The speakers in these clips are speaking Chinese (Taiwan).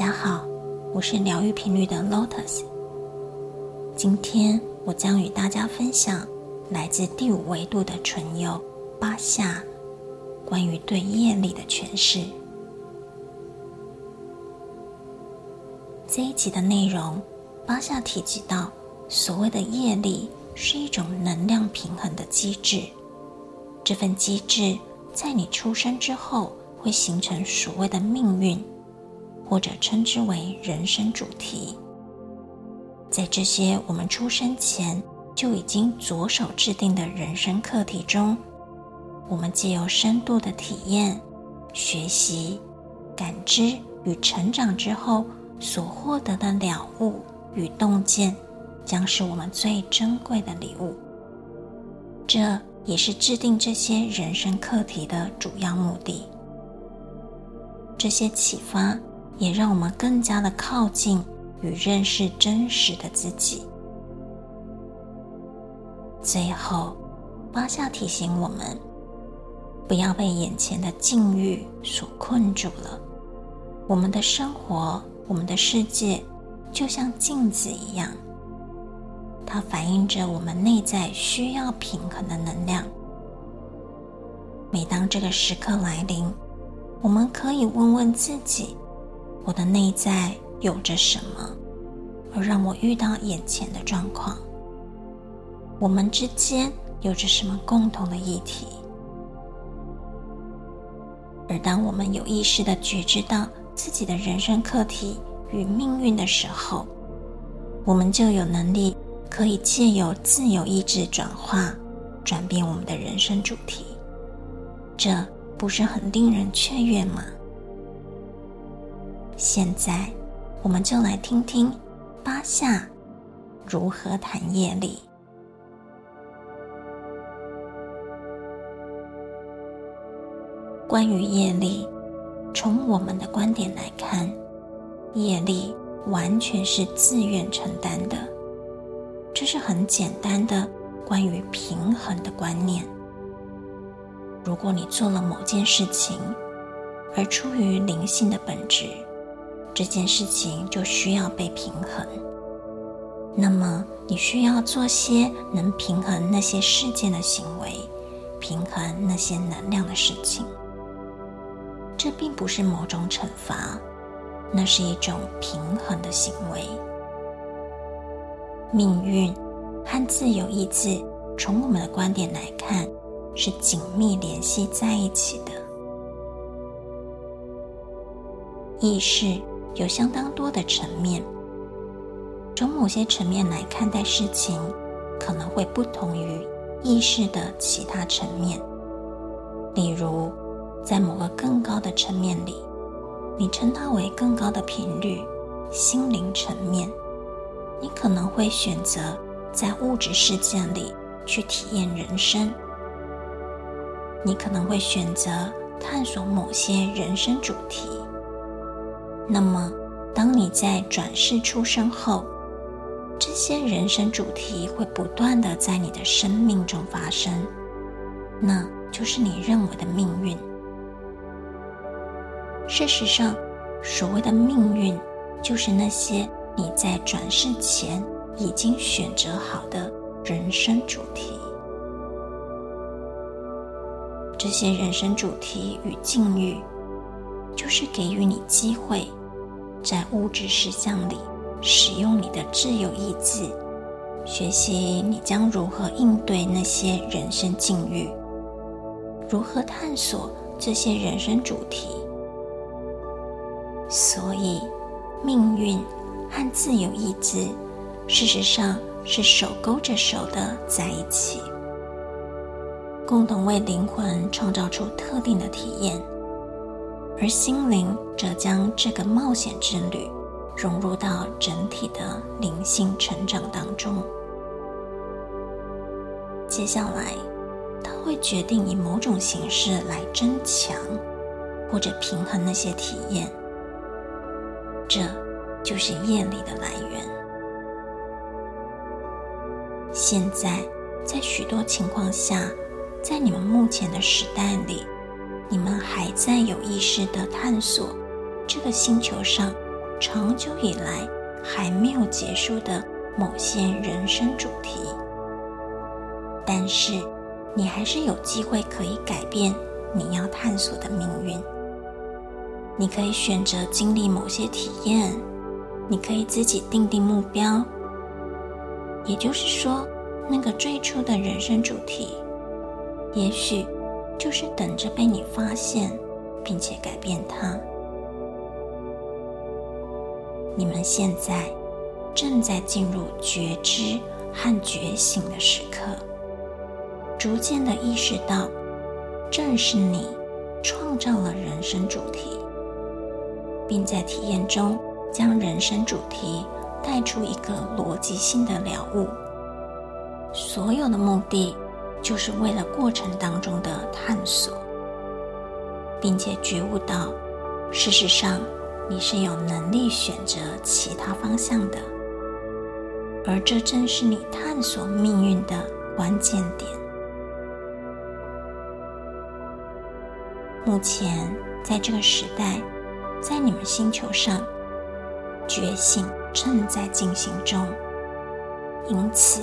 大家好，我是療癒頻率的 Lotus。今天我將與大家分享來自第五維度的存有，巴夏關於對業力的詮釋。這一集的內容，巴夏提及到，所謂的業力是一種能量平衡的機制，這份機制在你出生之後會形成所謂的命運。或者稱之為人生主題，在這些我們出生前就已經着手制定的人生課題中，我們借由深度的體驗、學習、感知與成長之後所獲得的了悟與洞見，將是我們最珍貴的禮物。這也是制定這些人生課題的主要目的。這些啟發。也讓我們更加的靠近與認識真實的自己。最後，巴夏提醒我們，不要被眼前的境遇所困住了。我們的生活，我們的世界，就像鏡子一樣，它反映着我們內在需要平衡的能量。每當這個時刻來臨，我們可以問問自己。我的內在有着什麼，而讓我遇到眼前的狀況？我們之間有着什麼共同的議題？而當我們有意識的覺知到自己的人生課題與命運的時候，我們就有能力可以借由自由意志轉化，轉變我們的人生主題。這不是很令人雀躍嗎？現在，我們就來聽聽巴夏如何談業力。關於業力，從我們的觀點來看，業力完全是自願承擔的，這是很簡單的關於平衡的觀念。如果你做了某件事情，而出於靈性的本質。這件事情就需要被平衡。那麼你需要做些能平衡那些事件的行為，平衡那些能量的事情。這並不是某種懲罰，那是一種平衡的行為。命運和自由意志，從我們的觀點來看，是緊密聯繫在一起的。意識。有相當多的層面，從某些層面來看待事情，可能會不同於意識的其他層面。例如，在某個更高的層面裡，你稱它為更高的頻率、心靈層面，你可能會選擇在物質世界裡去體驗人生，你可能會選擇探索某些人生主題。那麼，當你在轉世出生後，這些人生主題會不斷的在你的生命中發生，那就是你認為的命運。事實上，所謂的命運就是那些你在轉世前已經選擇好的人生主題。這些人生主題與境遇，就是給予你機會。在物質實相裡，使用你的自由意志，學習你將如何應對那些人生境遇，如何探索這些人生主題。所以，命運和自由意志，事實上是手勾着手的在一起，共同為靈魂創造出特定的體驗。而心靈則將這個冒險之旅融入到整體的靈性成長當中。接下來，它會決定以某種形式來增強或者平衡那些體驗。這就是業力的來源。現在，在許多情況下，在你們目前的時代裡。你們還在有意識地探索這個星球上長久以來還沒有結束的某些人生主題，但是你還是有機會可以改變你要探索的命運。你可以選擇經歷某些體驗，你可以自己定定目標，也就是說，那個最初的人生主題，也許。就是等着被你發現，並且改變它。你們現在正在進入覺知和覺醒的時刻，逐漸的意識到，正是你創造了人生主題，並在體驗中將人生主題帶出一個邏輯性的了悟。所有的目的。就是為了過程當中的探索，並且覺悟到，事實上你是有能力選擇其他方向的，而這正是你探索命運的關鍵點。目前在這個時代，在你們星球上，覺醒正在進行中，因此。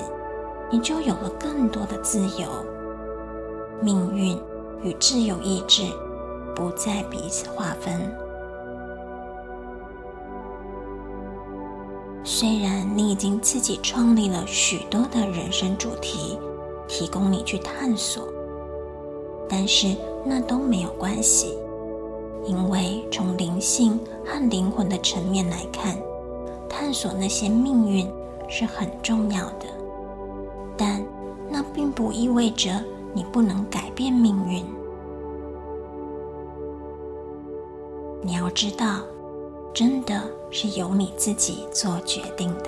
你就有了更多的自由。命運與自由意志不再彼此劃分。雖然你已經自己創立了許多的人生主題，提供你去探索，但是那都沒有關係，因為從靈性和靈魂的層面來看，探索那些命運是很重要的。但那並不意味着你不能改變命運。你要知道，真的是由你自己做決定的。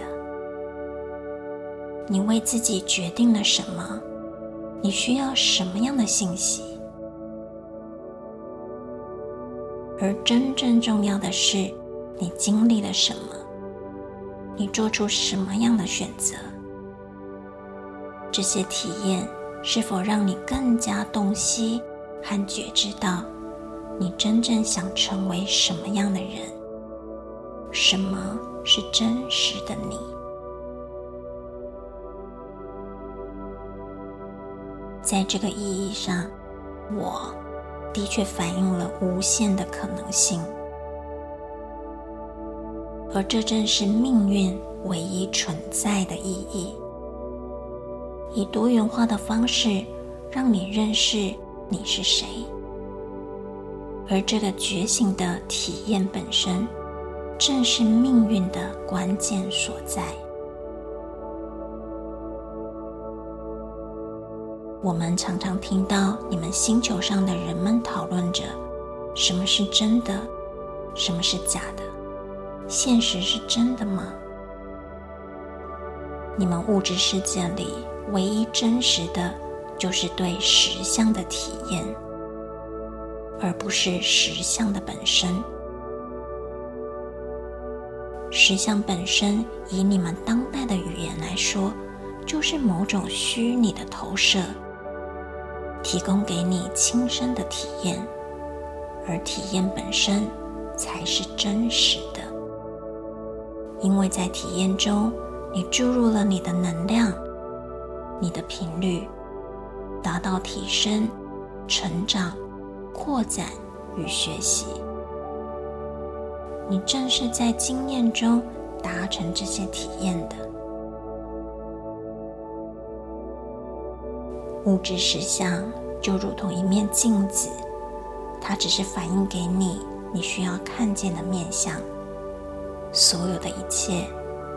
你為自己決定了什麼？你需要什麼樣的信息？而真正重要的是，你經歷了什麼？你做出什麼樣的選擇？這些體驗是否讓你更加洞悉和覺知到你真正想成為什麼樣的人？什麼是真實的你？在這個意義上，我的確反映了無限的可能性，而這正是命運唯一存在的意義。以多元化的方式，讓你認識你是誰，而這個覺醒的體驗本身，正是命運的關鍵所在。我們常常聽到你們星球上的人們討論着：什麼是真的，什麼是假的？現實是真的嗎？你們物質世界裡，唯一真實的，就是對實相的體驗，而不是實相的本身。實相本身，以你們當代的語言來說，就是某種虛擬的投射，提供給你親身的體驗，而體驗本身才是真實的，因為在體驗中，你注入了你的能量。你的頻率達到提升、成長、擴展與學習，你正是在經驗中達成這些體驗的。物質實相就如同一面鏡子，它只是反映給你你需要看見的面向。所有的一切，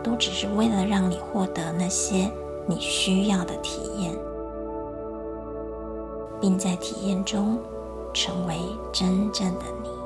都只是為了讓你獲得那些。你需要的體驗，並在體驗中成為真正的你。